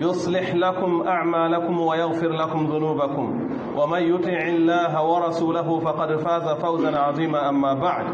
يصلح لكم أعمالكم ويغفر لكم ذنوبكم ومن يطع الله ورسوله فقد فاز فوزا عظيما أما بعد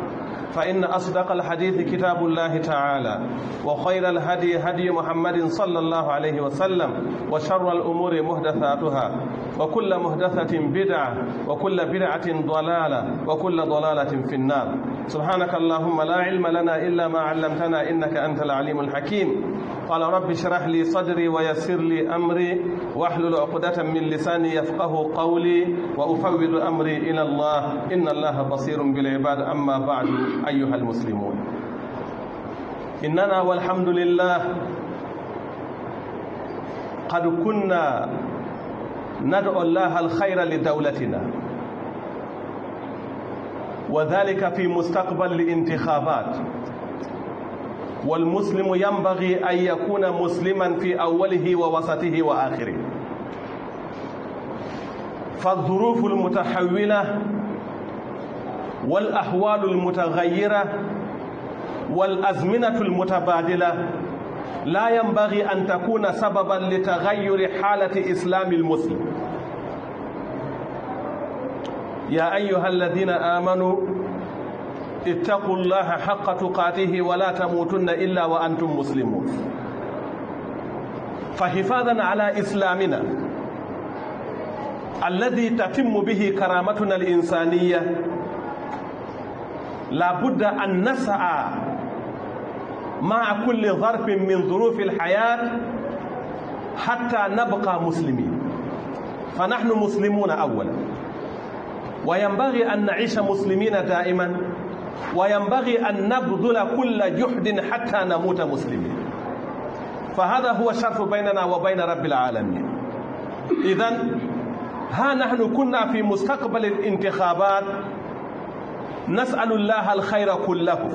فإن أصدق الحديث كتاب الله تعالى وخير الهدي هدي محمد صلى الله عليه وسلم وشر الأمور مهدثاتها وكل مهدثة بدعة وكل بدعة ضلالة وكل ضلالة في النار سبحانك اللهم لا علم لنا إلا ما علمتنا إنك أنت العليم الحكيم قال رب اشرح لي صدري ويسر لي أمري واحلل عقدة من لساني يفقه قولي وأفوض أمري إلى الله إن الله بصير بالعباد أما بعد أيها المسلمون إننا والحمد لله قد كنا ندعو الله الخير لدولتنا وذلك في مستقبل الانتخابات والمسلم ينبغي أن يكون مسلما في أوله ووسطه وآخره فالظروف المتحولة والأحوال المتغيرة والأزمنة المتبادلة لا ينبغي أن تكون سببا لتغير حالة إسلام المسلم يا أيها الذين آمنوا اتقوا الله حق تقاته ولا تموتن إلا وأنتم مسلمون فحفاظا على إسلامنا الذي تتم به كرامتنا الإنسانية لا بد أن نسعى مع كل ظرف من ظروف الحياة حتى نبقى مسلمين فنحن مسلمون أولا وينبغي أن نعيش مسلمين دائما وينبغي أن نبذل كل جهد حتى نموت مسلمين فهذا هو الشرف بيننا وبين رب العالمين إذا ها نحن كنا في مستقبل الانتخابات نسأل الله الخير كله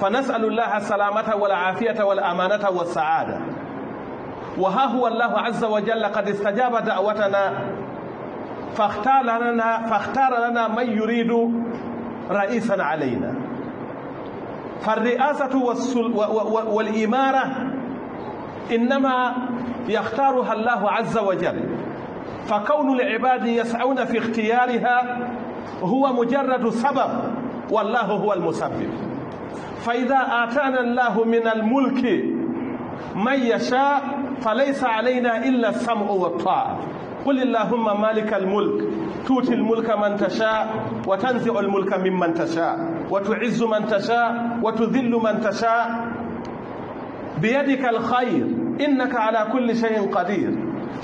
فنسأل الله السلامة والعافية والأمانة والسعادة وها هو الله عز وجل قد استجاب دعوتنا فاختار لنا, فاختار لنا من يريد رئيسا علينا فالرئاسة والإمارة إنما يختارها الله عز وجل فكون العباد يسعون في اختيارها هو مجرد سبب والله هو المسبب فإذا آتانا الله من الملك من يشاء فليس علينا إلا السمع والطاعة قل اللهم مالك الملك تؤتي الملك من تشاء وتنزع الملك ممن تشاء وتعز من تشاء وتذل من تشاء بيدك الخير إنك على كل شيء قدير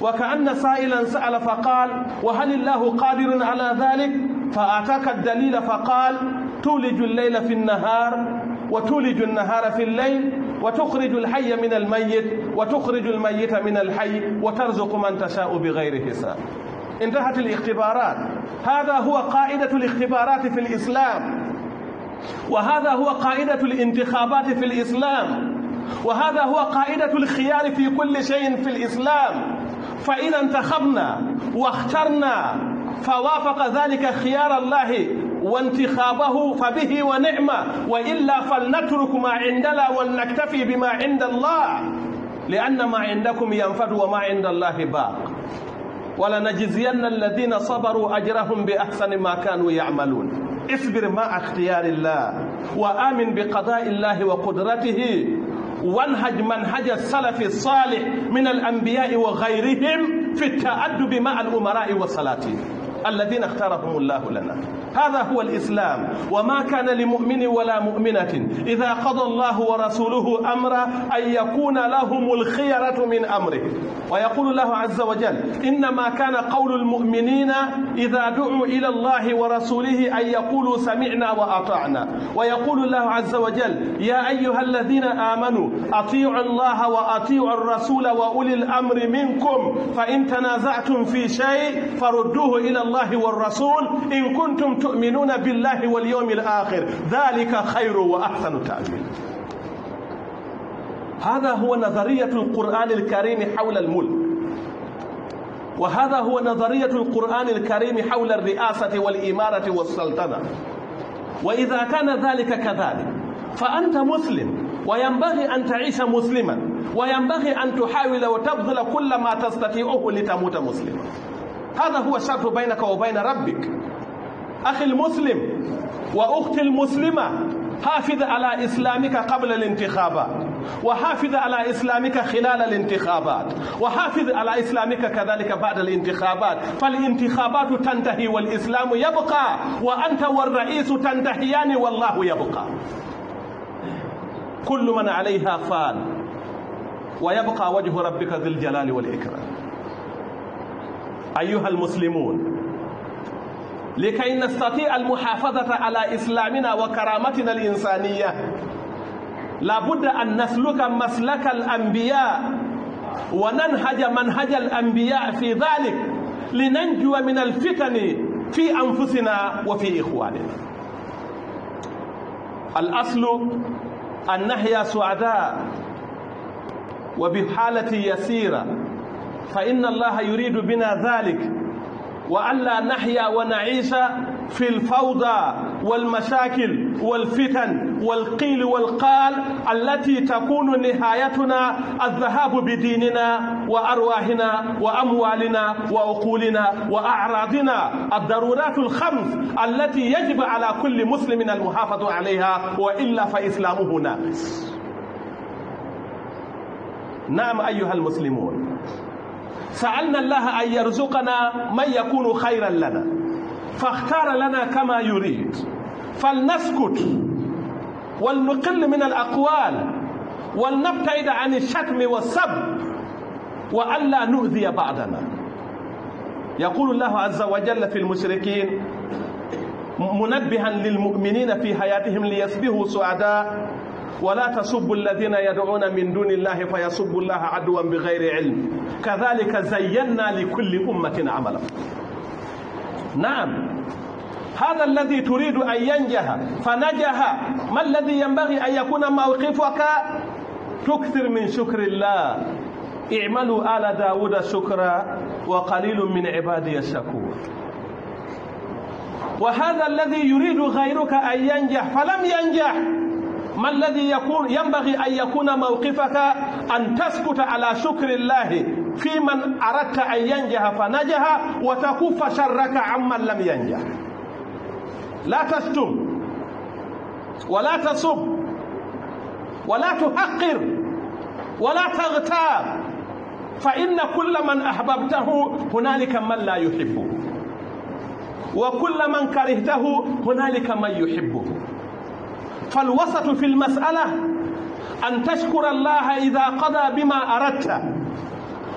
وكأن سائلا سأل فقال وهل الله قادر على ذلك فأعطاك الدليل فقال تولج الليل في النهار وتولج النهار في الليل وتخرج الحي من الميت وتخرج الميت من الحي وترزق من تشاء بغير حساب انتهت الاختبارات هذا هو قاعدة الاختبارات في الإسلام وهذا هو قاعدة الانتخابات في الإسلام وهذا هو قاعدة الخيار في كل شيء في الإسلام فإذا انتخبنا واخترنا فوافق ذلك خيار الله وانتخابه فبه ونعمة وإلا فلنترك ما عندنا ولنكتفي بما عند الله لأن ما عندكم ينفد وما عند الله باق ولنجزين الذين صبروا أجرهم بأحسن ما كانوا يعملون اصبر مع اختيار الله وآمن بقضاء الله وقدرته وانهج منهج السلف الصالح من الأنبياء وغيرهم في التأدب مع الأمراء وصلاتهم الذين اختارهم الله لنا هذا هو الإسلام وما كان لمؤمن ولا مؤمنة إذا قضى الله ورسوله أمرا أن يكون لهم الخيرة من أمره ويقول الله عز وجل إنما كان قول المؤمنين إذا دعوا إلى الله ورسوله أن يقولوا سمعنا وأطعنا ويقول الله عز وجل يا أيها الذين آمنوا أطيعوا الله وأطيعوا الرسول وأولي الأمر منكم فإن تنازعتم في شيء فردوه إلى الله الله والرسول إن كنتم تؤمنون بالله واليوم الآخر ذلك خير وأحسن تأويل هذا هو نظرية القرآن الكريم حول الملك وهذا هو نظرية القرآن الكريم حول الرئاسة والإمارة والسلطنة وإذا كان ذلك كذلك فأنت مسلم وينبغي أن تعيش مسلما وينبغي أن تحاول وتبذل كل ما تستطيعه لتموت مسلما هذا هو الشرط بينك وبين ربك أخي المسلم وأختي المسلمة حافظ على إسلامك قبل الانتخابات وحافظ على إسلامك خلال الانتخابات وحافظ على إسلامك كذلك بعد الانتخابات فالانتخابات تنتهي والإسلام يبقى وأنت والرئيس تنتهيان والله يبقى كل من عليها فان ويبقى وجه ربك ذي الجلال والإكرام أيها المسلمون لكي نستطيع المحافظة على إسلامنا وكرامتنا الإنسانية لابد أن نسلك مسلك الأنبياء وننهج منهج الأنبياء في ذلك لننجو من الفتن في أنفسنا وفي إخواننا الأصل أن نحيا سعداء وبحالة يسيرة فإن الله يريد بنا ذلك وألا نحيا ونعيش في الفوضى والمشاكل والفتن والقيل والقال التي تكون نهايتنا الذهاب بديننا وأرواحنا وأموالنا وعقولنا وأعراضنا الضرورات الخمس التي يجب على كل مسلم المحافظة عليها وإلا فإسلامه ناقص نعم أيها المسلمون سألنا الله أن يرزقنا من يكون خيرا لنا فاختار لنا كما يريد فلنسكت ولنقل من الأقوال ولنبتعد عن الشتم والسب وألا نؤذي بعضنا يقول الله عز وجل في المشركين منبها للمؤمنين في حياتهم ليصبحوا سعداء ولا تسبوا الذين يدعون من دون الله فيسبوا الله عدوا بغير علم كذلك زينا لكل أمة عملا نعم هذا الذي تريد أن ينجح فنجح ما الذي ينبغي أن يكون موقفك تكثر من شكر الله اعملوا آل داود شكرا وقليل من عبادي الشكور وهذا الذي يريد غيرك أن ينجح فلم ينجح ما الذي يكون ينبغي أن يكون موقفك أن تسكت على شكر الله في من أردت أن ينجح فنجح وتكف شرك عمن لم ينجح لا تشتم ولا تسب ولا تحقر ولا تغتاب فإن كل من أحببته هنالك من لا يحبه وكل من كرهته هنالك من يحبه فالوسط في المسألة أن تشكر الله إذا قضى بما أردت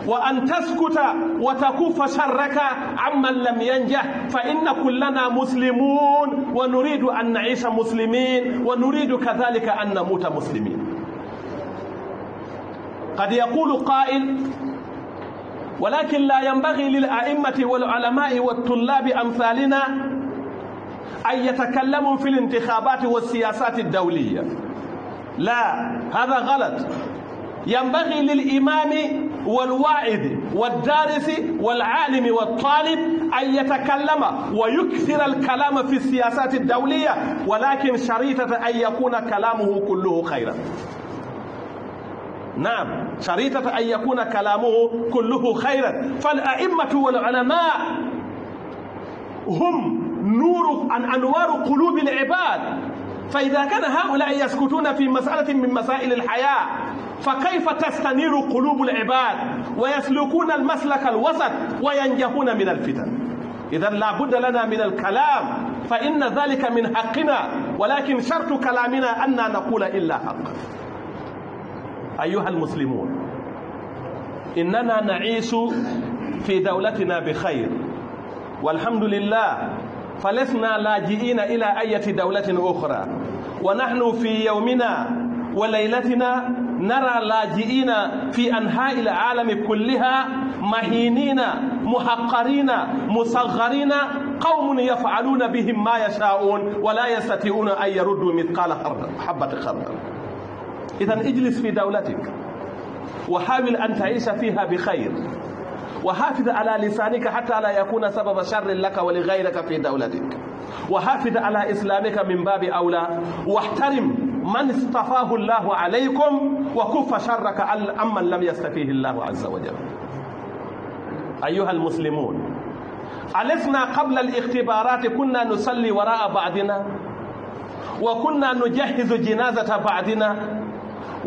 وأن تسكت وتكف شرك عمن لم ينجح فإن كلنا مسلمون ونريد أن نعيش مسلمين ونريد كذلك أن نموت مسلمين قد يقول قائل ولكن لا ينبغي للأئمة والعلماء والطلاب أمثالنا أن يتكلموا في الانتخابات والسياسات الدولية لا هذا غلط ينبغي للإمام والواعد والدارس والعالم والطالب أن يتكلم ويكثر الكلام في السياسات الدولية ولكن شريطة أن يكون كلامه كله خيرا نعم شريطة أن يكون كلامه كله خيرا فالأئمة والعلماء هم نور عن أنوار قلوب العباد فإذا كان هؤلاء يسكتون في مسألة من مسائل الحياة فكيف تستنير قلوب العباد ويسلكون المسلك الوسط وينجحون من الفتن إذا لا بد لنا من الكلام فإن ذلك من حقنا ولكن شرط كلامنا أن نقول إلا حق أيها المسلمون إننا نعيش في دولتنا بخير والحمد لله فلسنا لاجئين إلى أي دولة أخرى ونحن في يومنا وليلتنا نرى لاجئين في أنحاء العالم كلها مهينين محقرين مصغرين قوم يفعلون بهم ما يشاءون ولا يستطيعون أن يردوا مثقال حبة خردل إذا اجلس في دولتك وحاول أن تعيش فيها بخير وحافظ على لسانك حتى لا يكون سبب شر لك ولغيرك في دولتك وحافظ على إسلامك من باب أولى واحترم من اصطفاه الله عليكم وكف شرك عما لم يستفيه الله عز وجل أيها المسلمون ألسنا قبل الاختبارات كنا نصلي وراء بعضنا وكنا نجهز جنازة بعضنا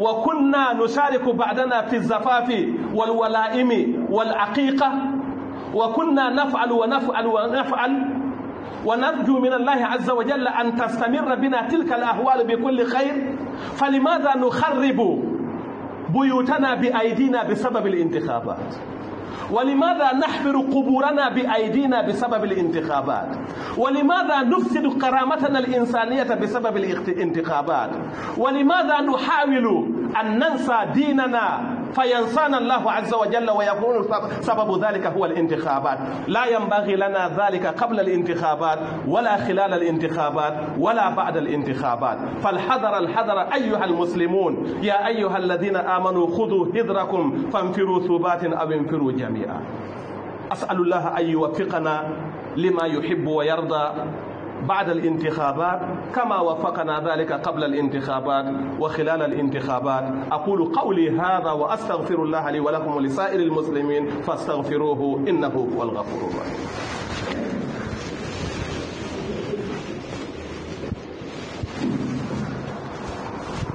وكنا نشارك بعدنا في الزفاف والولائم والعقيقة وكنا نفعل ونفعل ونفعل ونرجو من الله عز وجل أن تستمر بنا تلك الأهوال بكل خير فلماذا نخرب بيوتنا بأيدينا بسبب الانتخابات ولماذا نحفر قبورنا بأيدينا بسبب الانتخابات ولماذا نفسد كرامتنا الإنسانية بسبب الانتخابات ولماذا نحاول أن ننسى ديننا فينسانا الله عز وجل ويكون سبب ذلك هو الانتخابات لا ينبغي لنا ذلك قبل الانتخابات ولا خلال الانتخابات ولا بعد الانتخابات فالحذر الحذر أيها المسلمون يا أيها الذين آمنوا خذوا هدركم فانفروا ثبات أو انفروا جميعا أسأل الله أن يوفقنا لما يحب ويرضى بعد الانتخابات كما وفقنا ذلك قبل الانتخابات وخلال الانتخابات أقول قولي هذا وأستغفر الله لي ولكم ولسائر المسلمين فاستغفروه إنه هو الغفور الرحيم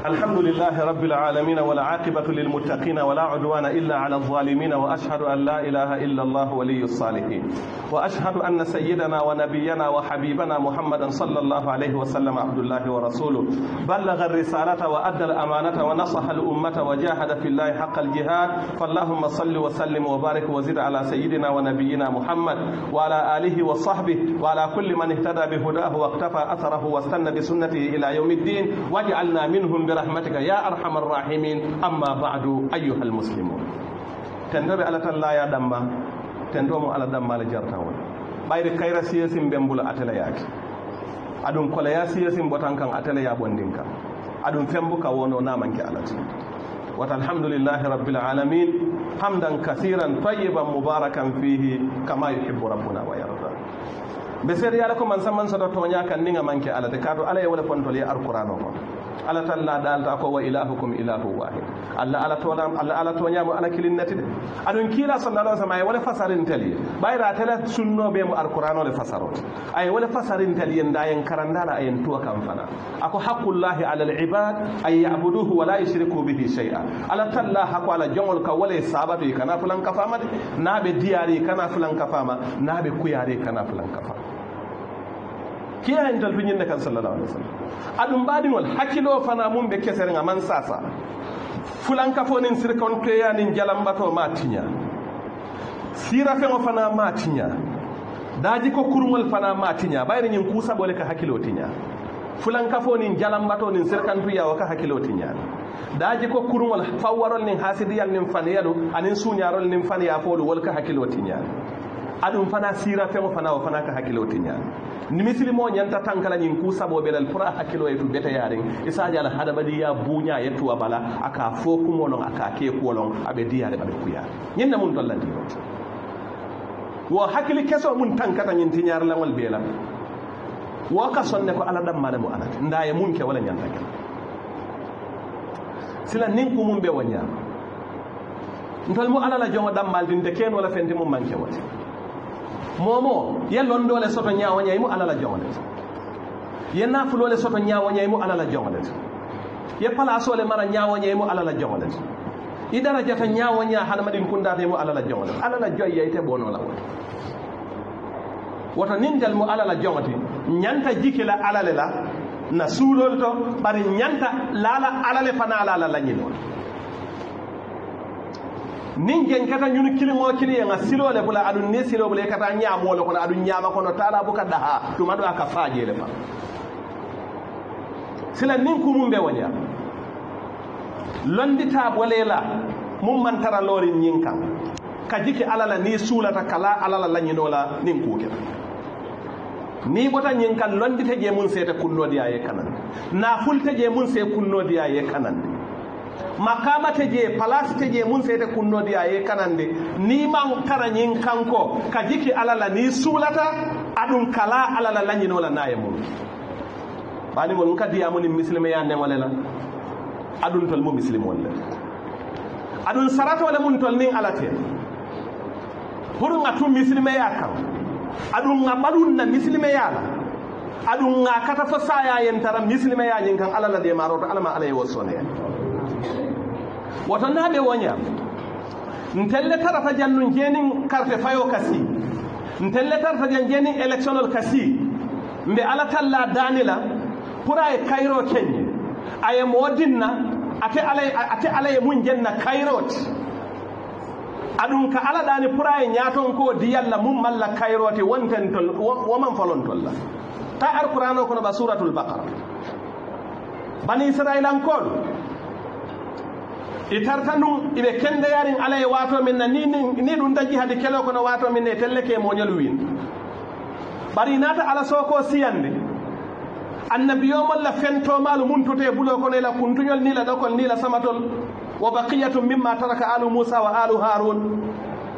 الحمد لله رب العالمين والعاقبة للمتقين ولا عدوان إلا على الظالمين وأشهد أن لا إله إلا الله ولي الصالحين وأشهد أن سيدنا ونبينا وحبيبنا محمدا صلى الله عليه وسلم عبد الله ورسوله بلغ الرسالة وأدى الأمانة ونصح الأمة وجاهد في الله حق الجهاد فاللهم صل وسلم وبارك وزد على سيدنا ونبينا محمد وعلى آله وصحبه وعلى كل من اهتدى بهداه واقتفى أثره واستنى بسنته إلى يوم الدين واجعلنا منهم برحمتك يا أرحم الراحمين أما بعد أيها المسلمون تندو بألة لا يا دمبا تندو مو على دمبا لجرتاون bayri kayra siyasin ɓen mbula atele yaake aɗum koleya siyasin botan kan atele yaɓondin kan aɗum fembu ka wono namanke alati wata alhamdulillahi rabbil alamin hamdan kasiran tayyiban mubarakan fihi kama yuhibbu rabbuna wa yarda be seeɗa yaala ko man samman soto toña kan ndinga manke ala de kaatu ala e wole fontol ye alqouran o ko ala tan la ɗalta ko wa ilahukum ilahu wahid allah ala tolam allah ala toñamo ala kilinnati de aɗon kiila sallallah alih sallam aye wole fasarintel ye ɓayra tela sunnoɓe mo alqouran ole fasarote aye wole fasarintel yen da yen karandala ayen tuwa kam fana ako haqqullahi ala al ibad an yabuduhu wala yushriku bihi shey a ala tan la hako ala jogol ka wole sabatoy kana fulan kafama de naɓe diyari kana fulan kafama naɓe kuyari kana fulan kafama en to ñinne kan sallallahu alaihi w adum aɗum wal hakilo fana mum ɓe kesere nga man sasa ka fo nin sirkontoya nin jalambato ma tiña sira feŋo fana ma daji ko kurmal fana ma bayri ɓayri kusa bole ka tinya fulan ka fo nin bato nin sirkantuya o ka hakilo tinya daji ko kurmal fawwarol nin hasidiyal nin fanyalu anin sunyarol nin fanya folu ka hakilo tinya aɗum fana sira feŋo fana o fana ka hakkilo tinya ni misli mo ñanta tankala nyin ku sabo be pour a hakilo yetu beta beteyariŋ isaji al hada buña ya tuwa bala a ka fo kumo a ke ku loŋ a be diyale kuya kuyaari ñiŋ ne mun dollandiro wo hakkili keso mun tankata nyin tinyar la wal bela wa ka sonne ko ala dam mo alati nda mun ke wala nyanta ke sila nin ku mun be wo ñaama ntol mu ala la joŋo dammal dinte keen wala fenti mum manke wati momo yellondole soto ñawoñay mu alala jongodet ye nafulole soto ñawoñay mu alala jongodet ye palasole mara ñawoñay mu alala jongodet i darajata ñawoña hadamadin kundate mu alala jongodet alala joyyeyte bonola wo woto nindel mu alala jongoti ñanta jikila alale la na suulol to bari ñanta lala alale fana lala lañinol la nin jenkata ñunu kiliŋo kili yeŋa siloo le bula aduŋ niŋ siloo bula i ka taa ñaamoo le kono aduŋ ñaama kono taala buka daha tuma do a ka faajee le fa sila niŋ kumum be wo londi londitaa bolee la muŋ maŋ tara looriŋ ñiŋ kaŋ ka jiki ala la niŋ suulata kala ala la lañinoo la niŋ kuu keta ni bota ñiŋ kaŋ londita jee muŋ seeta kunnoo diya ye kanandi naafulta jee muŋ see kunnoo diya ye kanandi makamate je palacete je mun seede kunnode a ye kanande ni man tara ñin kanko ka jiki alala ni suulata aɗum kala alala lañinola naye mum ɓanigol n kadiyamunin misilme ya ndeŋole la aɗum tol mu misilimol le aɗum saratole mun tol nin alate pour ŋa tun misilimeya kan aɗum ŋa ɓaɗum na misilimeya la aɗum ŋa kata fo sayayen tara misilimeya ñin kan alala de maroto alama alaye wo sone woto naaɓe woña ntelle tarata jannu jeenin karte fayo kasi ntelle tarata jan jeenin électionol kasi mbe ala talla daanila pour e aye kayro keñe aye moodinna ate alay e, ate alaye mum jenna kayrote aɗum ka ala ɗani pour aye ñaaton ko diyalla mum malla kayrote wonten tol woman folon tolla ta ar qouran o kono ɓa suratul bakara bani israil ankoɗo i tarta ɗum iɓe kendeyarin ala e watomin na ni ɗum dagi hade kelo kono watomin ne e telle ke moñol win ɓari nata ala soko siyande annabiyomolla fentomalu muntute bulo kono ela kuntuñol nila ɗokol nila samatol wo baqiyatu mimma taraka alu moussa wa alu haroun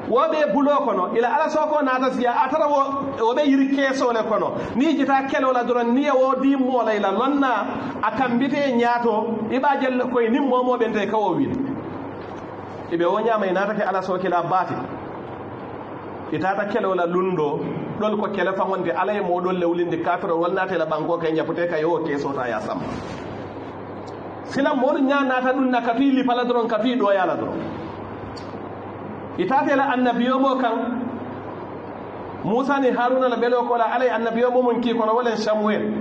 wo be bulo kono ila ala so ko naata siya a tara wo be yiri keesole kono ni jita kelo la doron niye wo di la ila lonna a bite ñaato i ɓa jelle koye nin mo bente ka wo wiide iɓe wo ñamay naata ke ala so kila baati itata kelo la lundo ɗol ko kele fagonde ala e moɗon lewlinde kafiro wonnatela ɓanko kay ñapute kay o keesota ya samma sila moɗo ña naata ɗum na fii lipala doron katuyi la doron itatela annabiyomo kan musa ni haruna la belo kola alay annabiyomo mun ki kono wolen samuel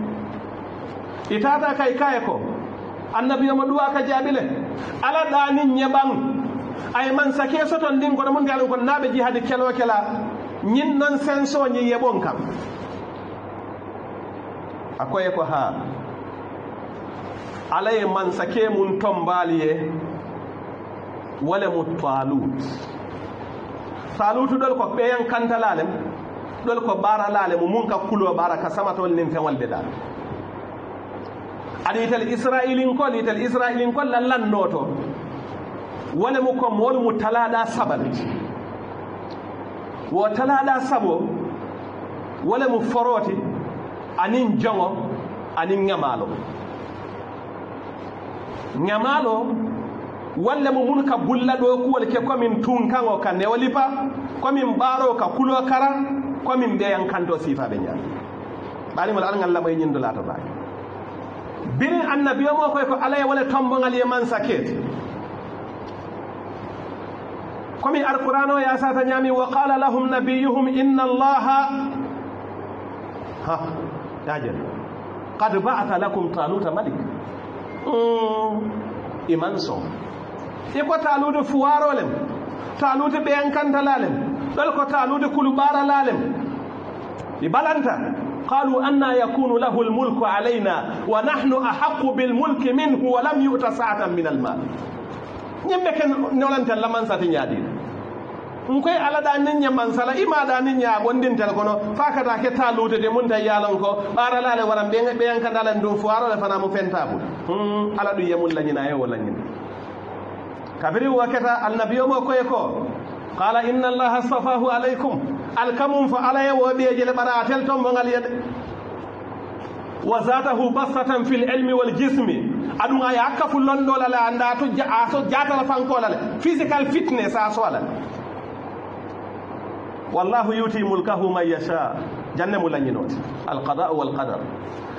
itata kay kaye ko annabiyomo ɗuwa ka jaabile ala ɗani ñeɓan ay man sake soton ndin kono mun ngalon kon naɓe jihadi kelo kela ñin non senso ñi yeɓon kam koye ko ha alaye man sake mun tombaliye wala mu talut salutu ɗol ko ɓeyan kanta laalem ɗol ko bara laalemu mun ka kulo bara ka samatol nin fewol da. ɗal aɗa yitel israilinkol yitel israilinkol la lannoto wolemu ko moolu mu talada sabalti wo talada sabo mu foroti anin joŋo anin ŋamaalo Nyamalo. walla mo mun ka bulla ɗo kuwol ke komin tunkaŋo ka newoli pa komin ɓaaro ka kulo kara komin ɓeyan kanto siifaɓe ñaami ɓarimol alngal lamay ñindo latataki birin annabiyo mo koy ko alaye wala tomboŋal ye man sakete komin alquran o yasata ñaami wa qala lahum nabiyuhum inna allaha ha yajel qad ba'atha lakum taluta malik iman son iko talude fuwarolem talude ɓeyan kantalalem ɗol ko talude kuluɓaralalem ɗi balanta قالوا أن يكون له الملك علينا ونحن أحق بالملك منه ولم يؤت سعة من المال ñembe ken nolantel la mansati ñaadin n koy ala da nin ñe mansala i ma da nin ñaa gondintel kono fa kata ke talude de mun ta yalan ko ɓaralale waran ɓeyankandalen dum fo arole fana mu fentabu ala ɗum yemul lañina yewo lañina كبري وكتا النبي يوم كويكو قال إن الله صفاه عليكم الكم فعلى وبي جل برا أتلتم بغل يد وزاده بسطة في العلم والجسم أدونا يعكف اللون ولا لا عنداتو جا أسو جات الفانكو ولا فيزيكال فيتنس أسو ولا والله يؤتي ملكه من يشاء جنة ملنينوت القضاء والقدر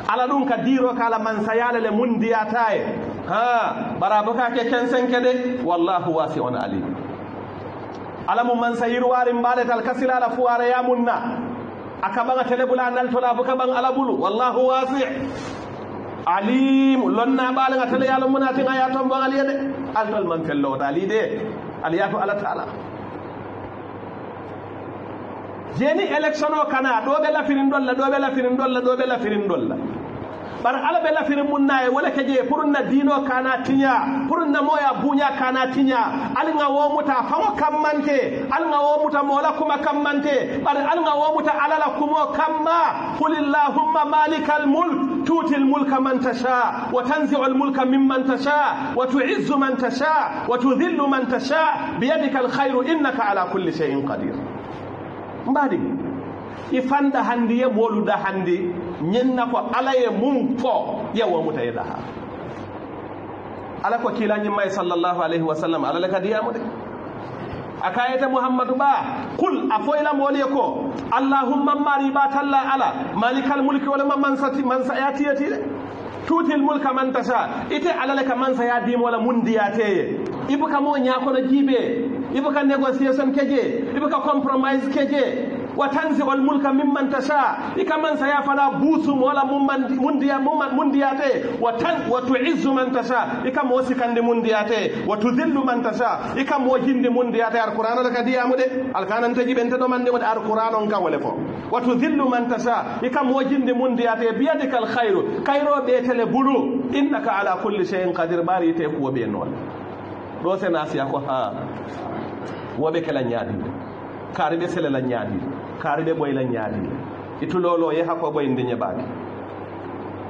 ala ɗum ka diiro ka ala mansayala le mun ndiyata e ha ɓarabo kake kensenke de wallahu wasi on alim ala mu mansayir wari mbaletal kasila ala fuwara aka banga tele bula nal tola fo bang ala bulu wallahu wasi alim lonna ɓalaga tele yalo munati a ya tombo aliye de tol man fellowta ali de aliyato ala taala jeni electiono kana do be la firin dolla do be la firin dolla do be la firin dolla bar ala be la firin mum naye wala ke jeye pour na diino kana tinya pour na moya bunya kana tinya al tiña alga womuta faŋo kammante alga muta mola kuma kammante bari alga womuta alala kumo kamma qul illahumma malika almulk tuti almulka man tasha wa tanziu almulka mimman tasha wa tuizzu man tasha wa tudhillu man tasha biyadika alkhayru innaka ala kulli shay'in qadir mbaɗi ifanda hannde ye da handi nyenna ko ala ye mum fo ƴewomuta yeɗa ha ala ko nyi may sallallahu alayhi wa sallam ala le kadiya mudde a muhammadu ba qul a foyla mooli ko allahumma mariba talla ala malikal mulki wala ma man sayati yati tutil mulka man tasha ite alala ka man saya dim wala mundiyate ibuka mo nya kono jibe ibuka negotiation keje ibuka compromise keje watanzir almulka mimman tashaa ikamansa ya fala busum wala mundia mumman mundia te watan wa tu'izzu man tashaa ikamosi kande mundia te wa tudhillu man tashaa ikamwajinde mundia te alquran alkadi amude alkanan taji bente do mande mo alquran on ka wolefo wa tudhillu man tashaa ikamwajinde mundia te biyadikal khairu khairu be tele bulu innaka ala kulli shay'in qadir bari te ko be non do se ko ha wobe kala nyaadi karibe sele la nyaadi karɓe ɓoyla ñaadini ye hako ko ɓoyinde ñeɓaaki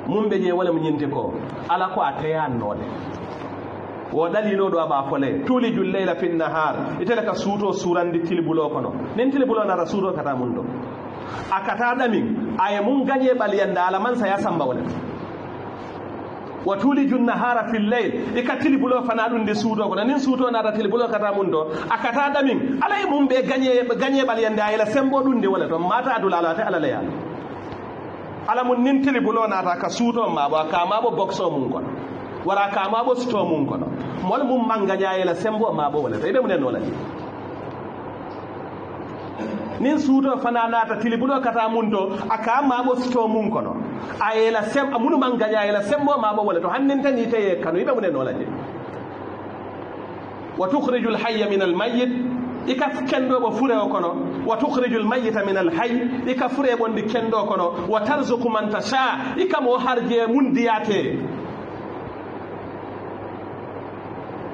mum ɓe je wala mo ñinti ko ala ko a teyannoɗe wo dalilo ɗo le fole tuliju leyla fi nahar itele ka suuto surandi tilibulo kono nin tilibulo nata suuto kata mum ɗo a kata ɗamin aye mum gañe ɓaliyande ala man saya samba wonata wa tuliju nahara fil leyl i ka tilibulo fana ɗum nde suuto kono nin suuto naata bulo kata mum do a kata alay mum ɓe ganye bal yanda yela sembo ɗum de wala to mata adula ala ta ala leyano ala mun nin tilibulo naata ka suuto ba ka ma bo o mum kono wara ka bo suto mum kono mol mum manga gaña yela sembo maɓo wala to mun munen la nin suuto fana naata tilibulo kata mum to a ka maɓo suto mum kono ayela sem amunu manganya ayela sembo mabo wala to hannen tan yite kanu ibe munen wala je wa tukhrijul hayya min al mayyit ika kendo bo fure kono wa tukhrijul mayyita min al hayy ika fure bondi kendo kono wa tarzuqu man tasha ika mo harje mun diyate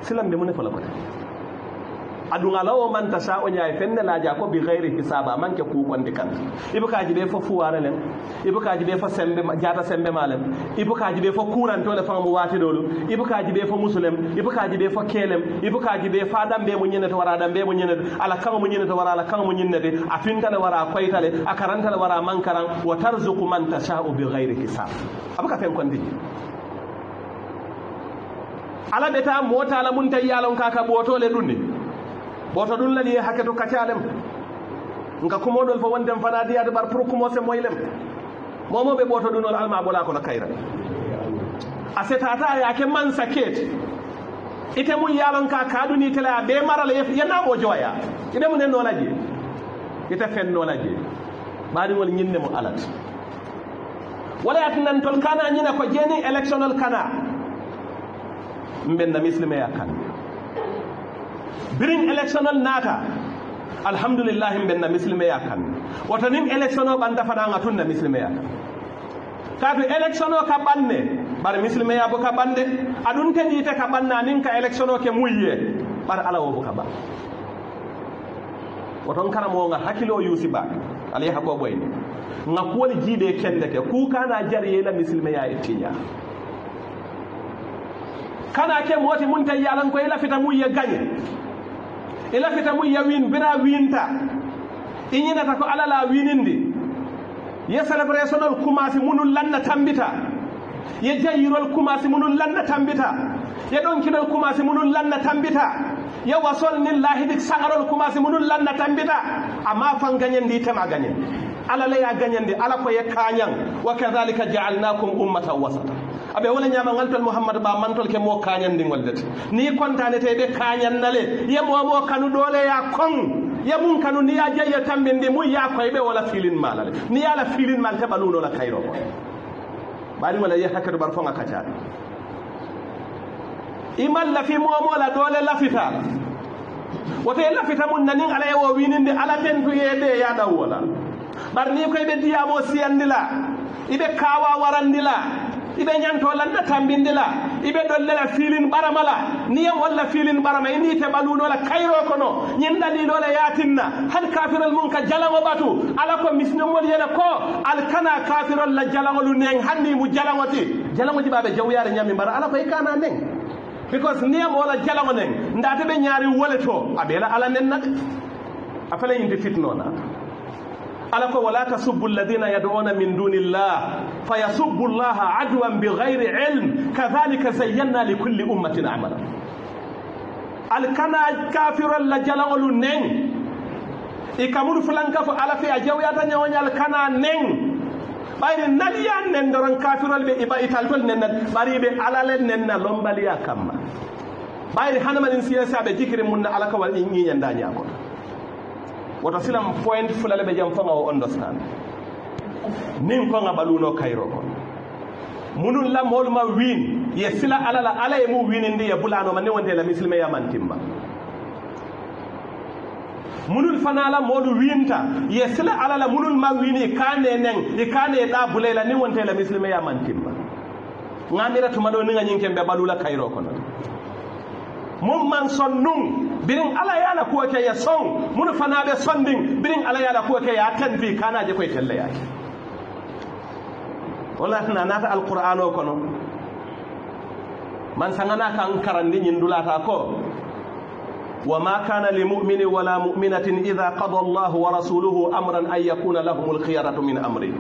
silam be munen fala ko aɗum ala o man tacha o ne fennelaja ko bi gayri hisaba manke kukonde kanti ibo kaji ɓe fo fuware i ibo kaji ɓe fo sembe jata sembe ma len ibo kaji ɓe fo kurantole fana mo watiɗolu ibo kaji ɓe fo musulem ibo kaji ɓe fo kelem ibo kaji ɓe fa ɗamɓe mo ñinete wara ɗamɓe mo ñinete ala kaŋo mo ñinete wara ala kaŋo mo ñinnete a fintale wara a koytale a karantale wara mankaran wa tarzuku man tachau bi gayri hisab aɓa ka fen kondi ala ɓeta motala mum tawi yalon kaka ɓotole ɗum ni woto ɗum lani ye hakke to kacalem nga kumoɗol fo wondem fana diyade ɓar pour kumose moylem momoɓe ɓoto ɗunol alma bola kono kayra a setata yake mansa keet ite mum yalonka kaɗuni tela a ɓe marala yanamo joya iɗemu e nennolaje ite fennolaje ɓaɗugol ñinne mo alat wala yat nantol kana ñina ko jeni électionol kana mbenna muslimeya kane birin electionol naata alhamdulillahi ɓen na misilmeya kan woto nin election o ɓanda faɗaga tun na misilmeya kan kaatu election o ka ɓanne ɓar misilmeya bo ka ɓande aɗum teniite ka ɓanna nin ka election o ke muyye ɓar ala wo bo ka ɓa woton karamoga hakkilo yuusi ba alayahakoɓoyne ga kuwol jiiɗe kende ke kuukana jariyela misilmeya e tiña kala ke mooti munte yalan ko elafita mum ye gaña elafita mum ye win bira winta iñinata ko alala winindi ye célébrationol kumasi munu lanna tambita ye jayirol kumasi munu lanna tambita ye ɗonkinol kumasi munu lanna tambita ye wasol nin lahidi sagarol kumasi munu lanna tambita amma fan gañandi tema gañandi alalaya gañandi ala koye kañang wa kadalika jaalnakum ummatan wasata aɓe wala ñama ngal tol mouhammado ba mantol ke mo kañandigol dete ni kontanete ɓe kañannale yemomo kanu ɗole koŋ kon ya mun kanu ni ya jaya tambindi mun yaa koye be wala filin malale ni ya la filin mal ta baluno la kairo bari wala ya hakka bar fonga kacha iman la fi momo la dole la fita wata la lafita mun nanin ala yawo wininde ala ten ku yede ya dawwala bar ni koy be diyamo siyandila ibe kawa warandila iɓe ñantolanna tambindila iɓe ɗollela filin ɓaramala niyam walla filin ɓarama ini teɓalunola kayro kono ñin ɗalilola yatinna hal kafirol mum ka jalago ɓatu ala ko misnomol yena ko alkana kafirol la jalagolu nden hanni mu jalagoti jalagoji ɓaɓe jawyare ñammi mbara ala koye kana nden because niyam wala jalago nden ndate ɓe ñaari wole to aɓeela ala nen na de a fala yinde fitnona alako wala tasubbu alladhina yad'una min dunillah fayasubbu allah adwan bighairi ilm kadhalika zayyana likulli ummatin amala alkana kafiran la jalalu nen ikamuru kamudu fulanka fo ala fe a jawyata ñawoñal kana nen bayri naliya nen doran kafirol be iba italtol nen bari be ɓe alale nen na lombaliya kamma ɓayri hanamanin siyasa be jikri mun ala ka wal i woto silam point fulale ɓe jam foga o understand nin konga ɓaluno kayro kon munun la moolu ma wiin ye sila ala la ala e mu wiinindi ye ma ni wonde la misilime yamantimba munul fana la moolu wiinta ye sila ala la munul ma wiini i kaane nen i kaane ye ɗa bulay la ni wonte la misilime yamantimba ŋanira tuma ɗo ni ŋa ñiŋ kembe ɓalula kayro kono mum man son nun birin ala ya kuwa ke ya son mun fana be son din birin ala ya la kuwa ke ya kan bi kana je koy tella yake wala tana nata alqur'ano kono man sangana kan karandi nyin dulata ko وما كان لمؤمن ولا مؤمنة إذا قضى الله ورسوله أمرا أن يكون لهم الخيرة من أمره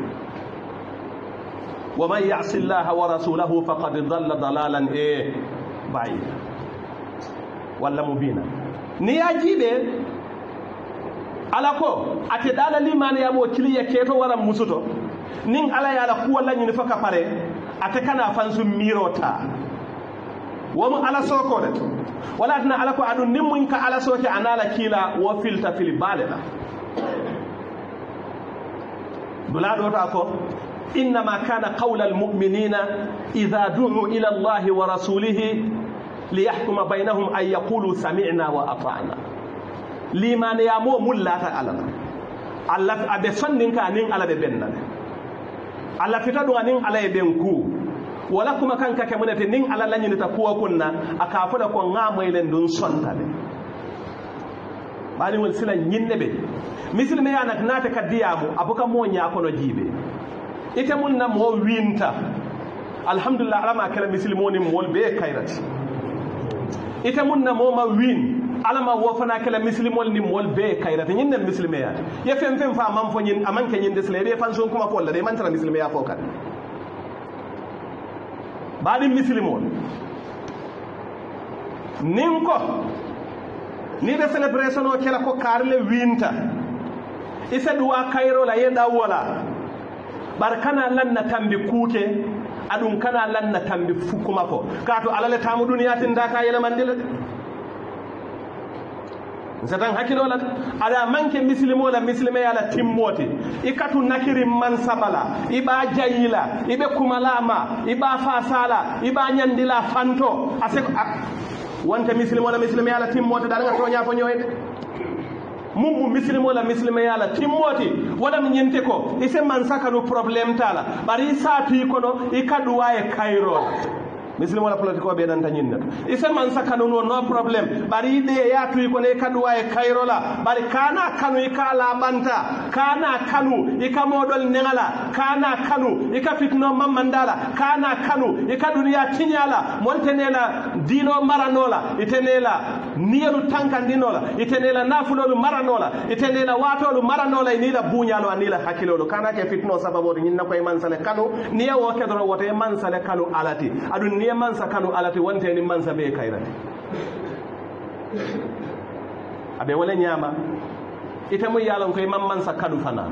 ومن يعص الله ورسوله فقد ضل ضلالا إيه بعيدا ولا مبينا ni ya jibe ala ate dala limani ya kili kiliya keto wala musuto nin ala ya ala kuwa lanyi faka pare ate kana fansu mirota wamu ala soko da wala tana ala ko anu nin mun ka ala soke anala kila wa filta fil balala dula do ta إنما كان قول المؤمنين إذا دعوا إلى الله ورسوله li yahkuma bainahum ay yaqulu sami'na wa ata'na limane ya mo mullata alala allah abe sondin ka nin ala be benna allah fita dun anin ala e ku wala kuma kan kake munete nin ala lanyi ta kuwa kunna aka fuda ko ngamai len dun sonta be bani won silan nyinne be misilme yanak nata kadiyamu abuka mo nya kono jibe ite mun na mo winta alhamdulillah alama kala misilmo ni mol be kairati ite mun na moma win alama wo fana kala muslimol ni mol be kayra te nen muslimeya ya fem fem fa man fo nyin aman ke nyin desle be fan son kuma fo de man tara muslimeya fo kan badi muslimol nin ko ni de celebration o kela ko karle winta isa duwa kayro la yeda wala barkana lan na tambi kuke aɗum kana lanna tambi fukkuma ko ka to alale tamu duniya tinda ka yelemandile de satan hakkilo la ala manke misilimo la misilime ala timmoti i katu nakiri man sabala i ɓa jayila i ɓe kumalama i ɓa fasala i ɓa ñandila fanto ase wonte misilimo la misilime ala timmote ɗaɗaga toña fo ñoyde mum mu misilimo la misilime ala timmoti walam ñinte ko ise man sakanu problème tala bari i saatu i kono i ka duwa ye misilimo danta politikoɓe ɗanta ñinneto isemansa kanuno no probléme ɓari ɗe yatuy kone kaduwa e kayrola bari kana kanu i ka banta kana kanu i ka nengala kana kanu i ka mamandala kana kanu ika ka duniya tiñala moltenela dino maranola itenela niyelu tankandinola itenela nafulolu maranola itenela watolu maranola e bunyalo anila a nila hakkilolu kana ke fitino sababoto ñinna koye mansale kanu niya wo kedoro woto e mansale kanu alati aɗum niŋ ye mansa kanu alla ti wonte niŋ mansa bee kayira ti a be wo ñaama ite mu ye a loŋ ko i mansa kanu fanaŋ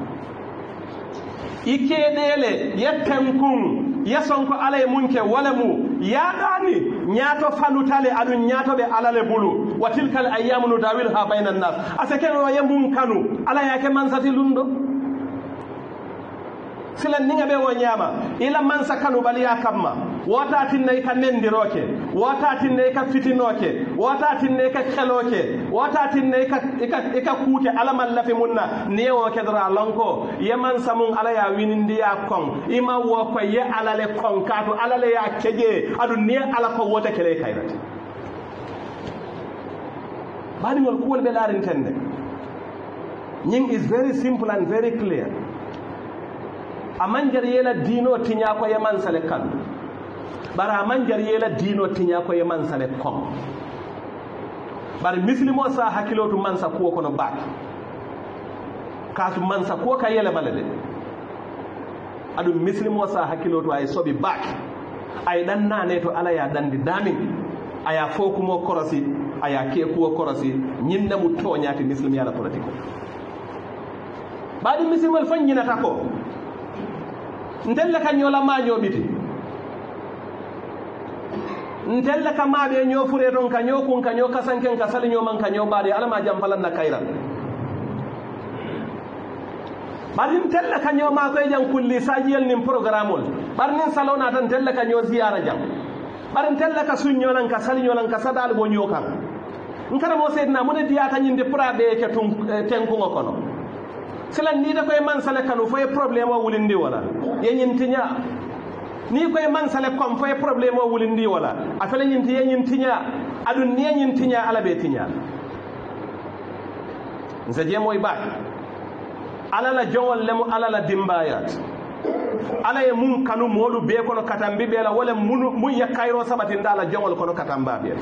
i keedee le ye tenkuŋ ye ala e ye muŋ ke wo mu yaaɗaani ñaato fanuta le aduŋ ñaato be alla le bulu wa tilka al ayamu nudawilha bayna annas a se kenoo ye muŋ kanu ala yake a ke mansati luŋ do silan niŋa be wo ñaama i mansa kanu baliyaa kamma wota tinnay ka nendiroke wota tinnay ka fitinoke wota tinnay ka keloke wota tinnay ka ika kuuke ala man lafi munna niyewo kedora lonko yeman samun ala ya winindiya kon ima wo ko ye ala le kon kaatu ala le ya keje adu ni ala ko wota kele kayrati baɗigol kuwol ɓe laarintende ñing is very simple and very clear aman jar yela diino tiña ko yeman sale kandu bara man jar yela tinya ko koye mansa le kom bar misilimo sa hakkilo tu mansa kuwo kono baake man mansa ko ka yelemale balade adu misilimo sa hakkilo to ay soɓi baake aye ɗan to ala ya dandi dami aya foku mo korosi aya ke ko korosi ñinne mu tooñaati misilimi ala politique o ɓaɗum misilimol fan ñinata ko ntelle ka ñoola ma nyobiti ntella ka maɓe nyo fure ton ka nyo kun ka ño kasanken ka sali man ka nyo ɓaade alama na kayra Bari ntel tella ka ño makoye jang kulli sajiyel nin programme ol ɓar nin ntel tella ka ño ziyara jang Bari ntel tella ka suññolan ka lan ka sadal bo ño kan nkara mo seydna mune diyata ñinde pura ɓe ke tun eh, tenkugo kono silan ni da koy man sale kanu foye probléme o wulindi wala nyintinya. ni koye mansale kom foye probléme o wuli ndi wala a fele ñin ti yeñin tiña aɗum ni yeñin tiña ala ɓe tiña nse jeemoy ba alala jowol lemo alala dimbayat ala e mum kanu moolu be kono katambi ɓeela wole mum ye kayro saɓatinda ala jowol kono katamba ɓeel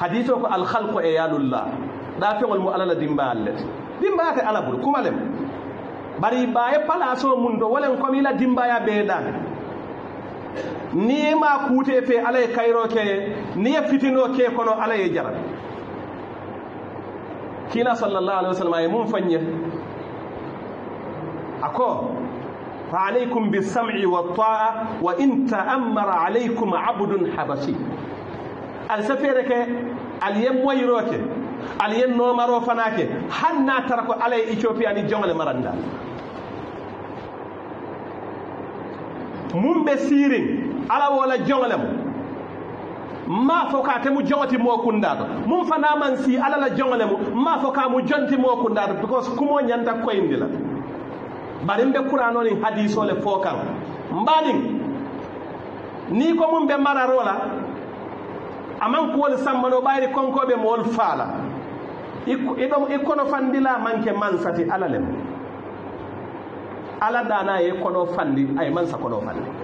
hadito ko alhalqu e yalullah ɗa feŋol mu alala dimba allet dimbayate ala ɓur kumalem bari baye palace o mum do wolen komi la dimbaya ɓeeɗane nima kuute fe ala ye kayro ke niya fitino ke kono ala ye jarabi Kina sallallahu alaihi wasallam ay mum fanye ako fa alaykum bis-sam'i wat-ta'a wa in ta'ammara alaykum 'abdun habashi al safere ke al yemoyro ke al yen nomaro fanake hanna tarako alay ethiopia ni jongale maranda Mun be sirin ala wala joŋolem ma fo ka te mu joŋoti moo kundato mum fana man si ala la joŋole mu ma foka mu jonti moo kundato because kumo ñanta koyindi la bari n be kurano nin hadiso le fo kan mbaɗin ni ko mum be mararo la aman kuwol sammano ɓayri konkoɓe mool faala iɗom i kono fandila manke mansati ala lem ala dana ye kono fandi aye mansa kono fandi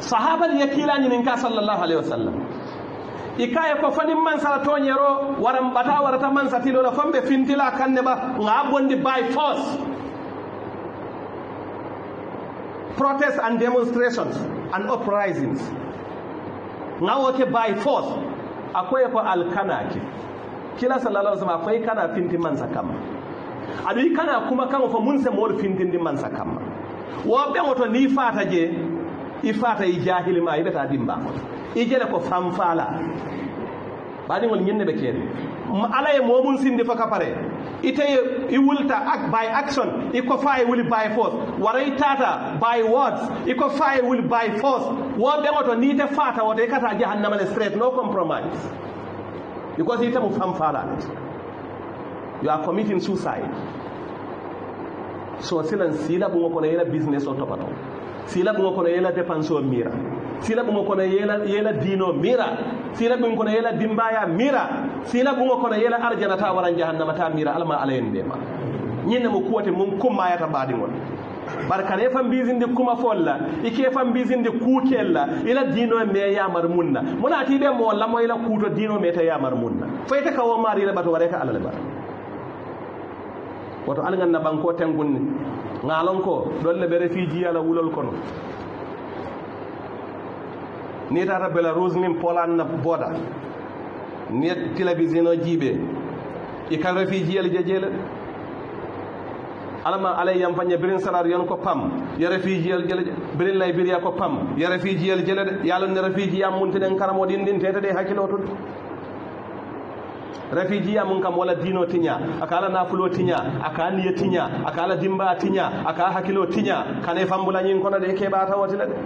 sahabal kila ni ninka sallallahu wa sallam ikaye ko fanin salato nyero waram bata warata mansatilola fon ɓe fintila kanne ba ngabondi by force protest and demonstrations and uprisings ga woke by force akoye ko alkanaki kila alaihi wasallam akoye kana finti mansa sakam adu kana kuma kan fo mun se moɗo fintindi mansa sakam wo ɓen oto ni fata je i fata i jahilima i ɓeta dimba i jele ko fanfala ɓaɗigol ñinne ɓe keede ala e momum sindi fo ka pare iteye i will ak by action iko will e by force waray tata by words iko will e by force i to ni te fata woto kata jahannama le straight no compromise because itemo a falade you are committing suicide so silan sila ɓugo kono yena business o topato sila bungo kono yela dépense o mira sila bungo kono yela yela dino mira sila bungo kono yela dimbaya mira sila bungo kono yela arjana ta waran jahannama ta mira alma alayen dema ñinne mo kuwate mum kummayata mbaɗigol bara kane fan mbisinde kuma folla ike fan mbisinde kuukella ila dino me yamar munna mona atiɓe mo lamo ila kuuto dino me ta yamar munna fayta kawo mari ila ɓato waɗay ka alal woto ala ganna banko ni ngalon ko ɗolle be refiji ala wulol kon ni tata belarus min na boda ni télévision o jibe i kan refiji yala jejeele alama alay yam fanya birin salar yon ko pam ya refiji el jele birin ya ko pam ya refiji el jele de yalon ne refiji yam muntene karamo din din tete de hakilotul refijiya mun kam wala dino tinya akala nafulo tinya aka niya tinya akala dimba tinya aka hakilo tinya kane fambula nyin kono de ke bata wotila de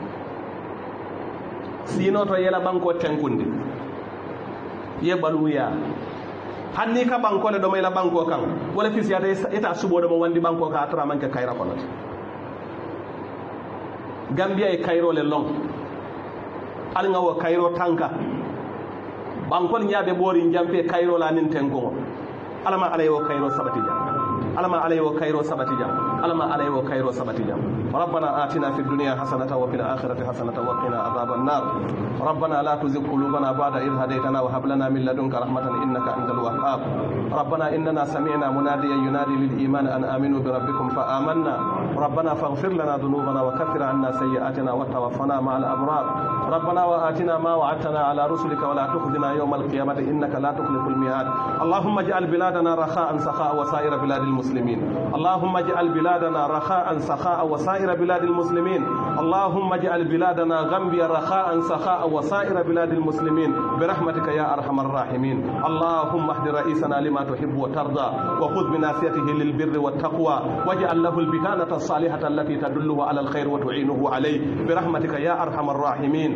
sino to yela banko tenkunde ye baluya hanni ka banko le do mayla banko kan wala fis ya eta subo do mo wandi banko ka atra manke kayra kono gambia e kayro le long al ngawo kayro tanka bankol ñaaɓe ɓoori jampe kayrola nin tenkugo alama alay wo kayro sabati jam alama alay wo kayro sabati jam alama alay wo kayro sabati jam ربنا آتنا في الدنيا حسنة وفي الآخرة حسنة وقنا عذاب النار ربنا لا تزغ قلوبنا بعد إذ هديتنا وهب لنا من لدنك رحمة إنك أنت الوهاب ربنا إننا سمعنا مناديا ينادي للإيمان أن آمنوا بربكم فآمنا ربنا فاغفر لنا ذنوبنا وكفر عنا سيئاتنا وتوفنا مع الأبرار ربنا وآتنا ما وعدتنا على رسلك ولا تخذنا يوم القيامة إنك لا تخلف الميعاد اللهم اجعل بلادنا رخاء سخاء وسائر بلاد المسلمين اللهم اجعل بلادنا رخاء سخاء وسائر بلاد المسلمين اللهم اجعل بلادنا غمبيا رخاء سخاء وسائر بلاد المسلمين برحمتك يا أرحم الراحمين اللهم اهد رئيسنا لما تحب وترضى وخذ بناصيته للبر والتقوى واجعل له البتانة الصالحة التي تدله على الخير وتعينه عليه برحمتك يا أرحم الراحمين